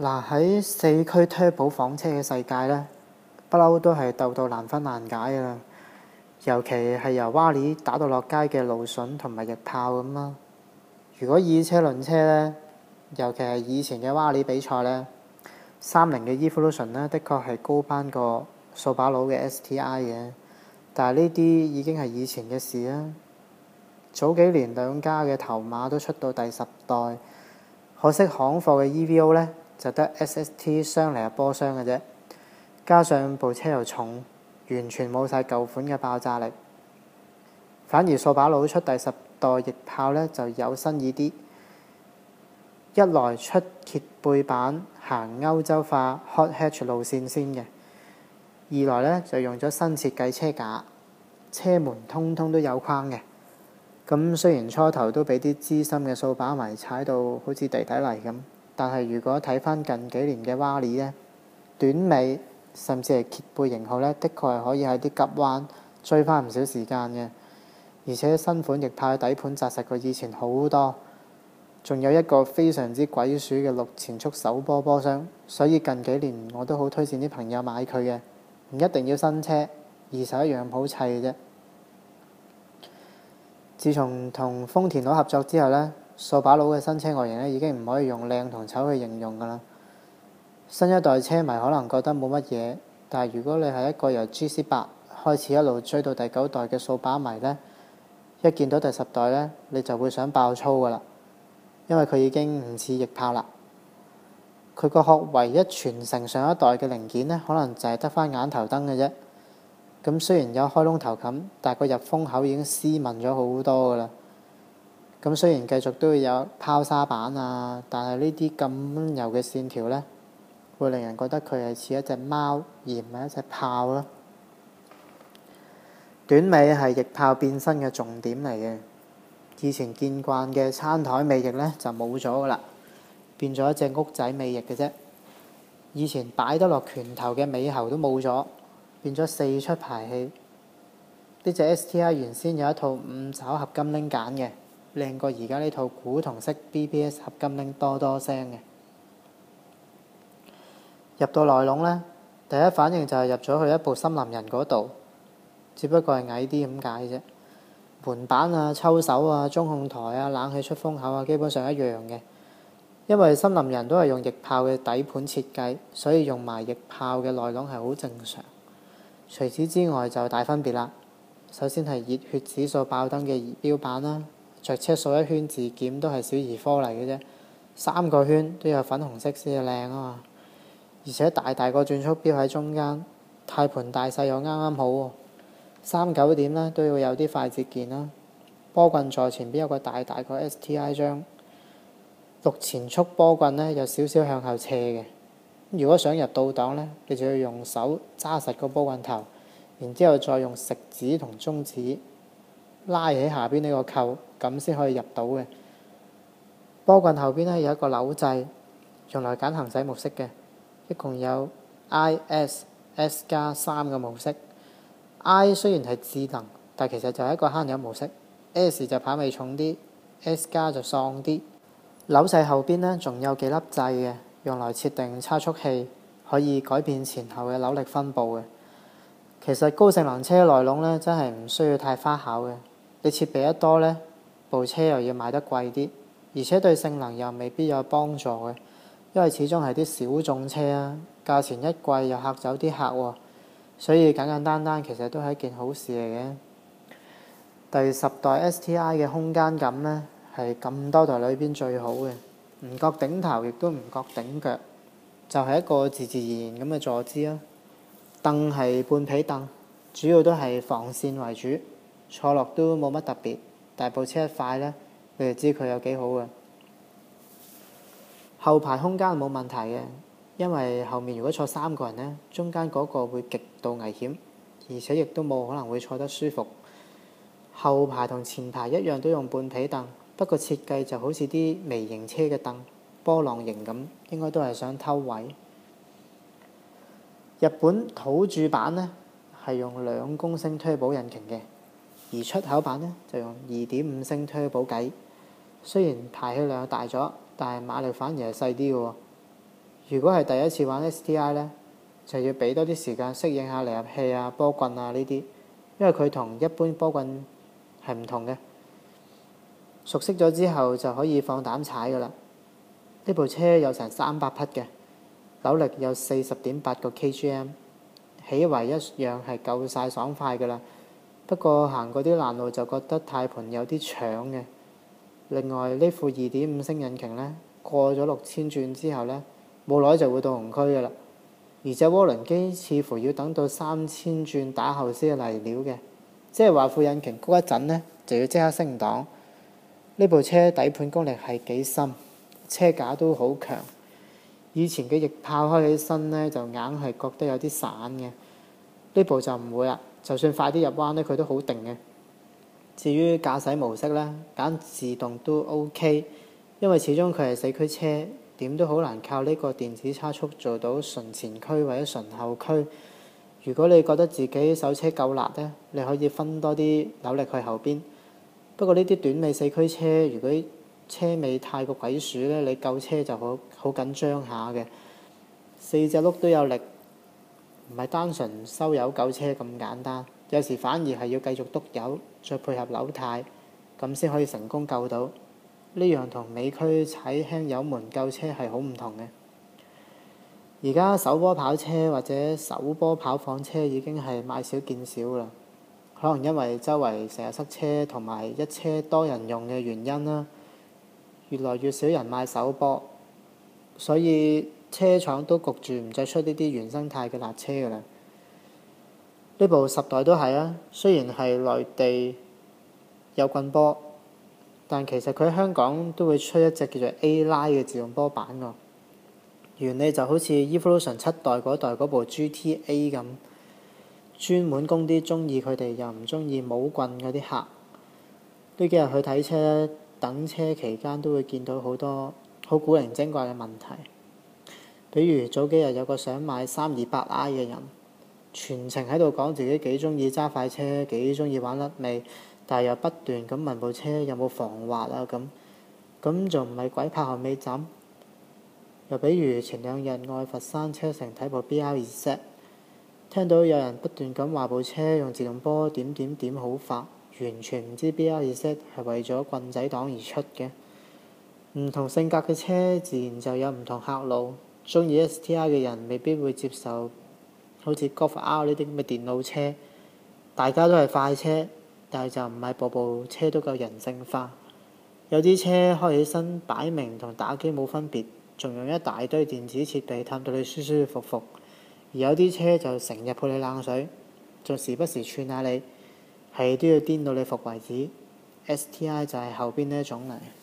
嗱喺、啊、四驅推普房車嘅世界咧，不嬲都係鬥到難分難解嘅喇！尤其係由瓦尼打到落街嘅蘆筍同埋日炮咁啦。如果以車論車咧，尤其係以前嘅瓦尼比賽咧，三菱嘅 Evolution 咧，的確係高班過掃把佬嘅 S T I 嘅，但係呢啲已經係以前嘅事啦。早幾年兩家嘅頭馬都出到第十代，可惜行貨嘅 E V O 咧。就得 SST 箱嚟啊，波箱嘅啫，加上部車又重，完全冇晒舊款嘅爆炸力。反而掃把佬出第十代翼豹呢就有新意啲，一來出揭背版行歐洲化 hot hatch 路線先嘅，二來呢就用咗新設計車架，車門通通都有框嘅。咁雖然初頭都俾啲資深嘅掃把迷踩到好似地底泥咁。但係如果睇翻近幾年嘅 Wally 咧，短尾甚至係揭背型號咧，的確係可以喺啲急彎追翻唔少時間嘅，而且新款翼豹底盤扎實過以前好多，仲有一個非常之鬼鼠嘅六前速手波波箱，所以近幾年我都好推薦啲朋友買佢嘅，唔一定要新車，二手一樣好砌嘅啫。自從同豐田佬合作之後咧。掃把佬嘅新車外形咧，已經唔可以用靚同醜去形容㗎啦。新一代車迷可能覺得冇乜嘢，但係如果你係一個由 GC8 開始一路追到第九代嘅掃把迷咧，一見到第十代咧，你就會想爆粗㗎啦。因為佢已經唔似翼豹啦，佢個殼唯一傳承上一代嘅零件咧，可能就係得翻眼頭燈嘅啫。咁雖然有開窿頭冚，但係個入風口已經斯文咗好多㗎啦。咁雖然繼續都會有拋沙板啊，但係呢啲咁柔嘅線條咧，會令人覺得佢係似一隻貓，而唔係一隻豹咯、啊。短尾係翼豹變身嘅重點嚟嘅，以前見慣嘅餐枱尾翼咧就冇咗㗎啦，變咗一隻屋仔尾翼嘅啫。以前擺得落拳頭嘅尾喉都冇咗，變咗四出排氣。呢隻 STI 原先有一套五爪合金拎揀嘅。靚過而家呢套古銅色 BBS 合金鈴多多聲嘅入到內籠呢，第一反應就係入咗去一部森林人嗰度，只不過係矮啲咁解啫。門板啊、抽手啊、中控台啊、冷氣出風口啊，基本上一樣嘅，因為森林人都係用翼豹嘅底盤設計，所以用埋翼豹嘅內籠係好正常。除此之外就大分別啦，首先係熱血指數爆燈嘅儀表板啦、啊。着車數一圈自檢都係小兒科嚟嘅啫，三個圈都有粉紅色先至靚啊嘛！而且大大個轉速錶喺中間，軚盤大細又啱啱好喎、啊，三九點呢都要有啲快捷鍵啦、啊，波棍在前邊有個大大個 STI 章，六前速波棍呢有少少向後斜嘅，如果想入倒檔呢，你就要用手揸實個波棍頭，然之後再用食指同中指。拉起下邊呢個扣，咁先可以入到嘅。波棍後邊呢有一個扭掣，用嚟揀行駛模式嘅，一共有 I、S、S 加三個模式。I 雖然係智能，但其實就係一個慳油模式。S 就跑味重啲，S 加就爽啲。扭掣後邊呢仲有幾粒掣嘅，用嚟設定差速器，可以改變前後嘅扭力分佈嘅。其實高性能車內籠呢，真係唔需要太花巧嘅。你設備一多咧，部車又要買得貴啲，而且對性能又未必有幫助嘅，因為始終係啲小眾車啊，價錢一貴又嚇走啲客喎，所以簡簡單單其實都係一件好事嚟嘅。第十代 STI 嘅空間感咧係咁多代裏邊最好嘅，唔覺頂頭亦都唔覺頂腳，就係、是、一個自自然然咁嘅坐姿咯。凳係半皮凳，主要都係防線為主。坐落都冇乜特別，但係部車一快呢，你就知佢有幾好嘅。後排空間冇問題嘅，因為後面如果坐三個人呢，中間嗰個會極度危險，而且亦都冇可能會坐得舒服。後排同前排一樣都用半皮凳，不過設計就好似啲微型車嘅凳，波浪形咁，應該都係想偷位。日本土著版呢，係用兩公升推寶引擎嘅。而出口版呢，就用二點五升 Turbo 計，雖然排氣量大咗，但係馬力反而係細啲嘅喎。如果係第一次玩 S T I 呢，就要俾多啲時間適應下離合器啊、波棍啊呢啲，因為佢同一般波棍係唔同嘅。熟悉咗之後就可以放膽踩嘅啦。呢部車有成三百匹嘅扭力，有四十點八個 K G M，起圍一樣係夠晒爽快嘅啦。不過行過啲爛路就覺得軚盤有啲搶嘅。另外呢副二點五升引擎呢，過咗六千轉之後呢，冇耐就會到紅區嘅啦。而且渦輪機似乎要等到三千轉打後先嚟料嘅，即係話副引擎高一陣呢，就要即刻升檔。呢部車底盤功力係幾深，車架都好強。以前嘅翼炮開起身呢，就硬係覺得有啲散嘅，呢部就唔會啦。就算快啲入彎咧，佢都好定嘅。至於駕駛模式咧，揀自動都 OK，因為始終佢係四驅車，點都好難靠呢個電子差速做到純前驅或者純後驅。如果你覺得自己手車夠辣咧，你可以分多啲扭力去後邊。不過呢啲短尾四驅車，如果車尾太過鬼鼠咧，你夠車就好好緊張下嘅。四隻轆都有力。唔係單純收油救車咁簡單，有時反而係要繼續督油，再配合扭軚，咁先可以成功救到。呢樣同美區踩輕油門救車係好唔同嘅。而家手波跑車或者手波跑房車已經係買少見少啦，可能因為周圍成日塞車同埋一車多人用嘅原因啦，越來越少人買手波，所以，車廠都焗住唔再出呢啲原生態嘅辣車嘅啦。呢部十代都係啊，雖然係內地有棍波，但其實佢喺香港都會出一隻叫做 A-Line 嘅自動波板㗎、啊。原理就好似 Evolution 七代嗰代嗰部 GT-A 咁，專門供啲鍾意佢哋又唔鍾意冇棍嗰啲客。呢幾日去睇車，等車期間都會見到好多好古靈精怪嘅問題。比如早幾日有個想買三二八 i 嘅人，全程喺度講自己幾中意揸快車，幾中意玩甩尾，但係又不斷咁問部車有冇防滑啊咁，咁仲唔係鬼拍後尾枕？又比如前兩日我去佛山車城睇部 B R 二 s 聽到有人不斷咁話部車用自動波點點點好發，完全唔知 B R 二 s e 係為咗棍仔黨而出嘅。唔同性格嘅車，自然就有唔同客路。中意 S T I 嘅人未必會接受，好似 Golf R 呢啲咁嘅電腦車，大家都係快車，但係就唔係部部車都夠人性化。有啲車開起身擺明同打機冇分別，仲用一大堆電子設備氹到你舒舒服服；而有啲車就成日潑你冷水，仲時不時串下你，係都要顛到你服為止。S T I 就係後邊呢一種嚟。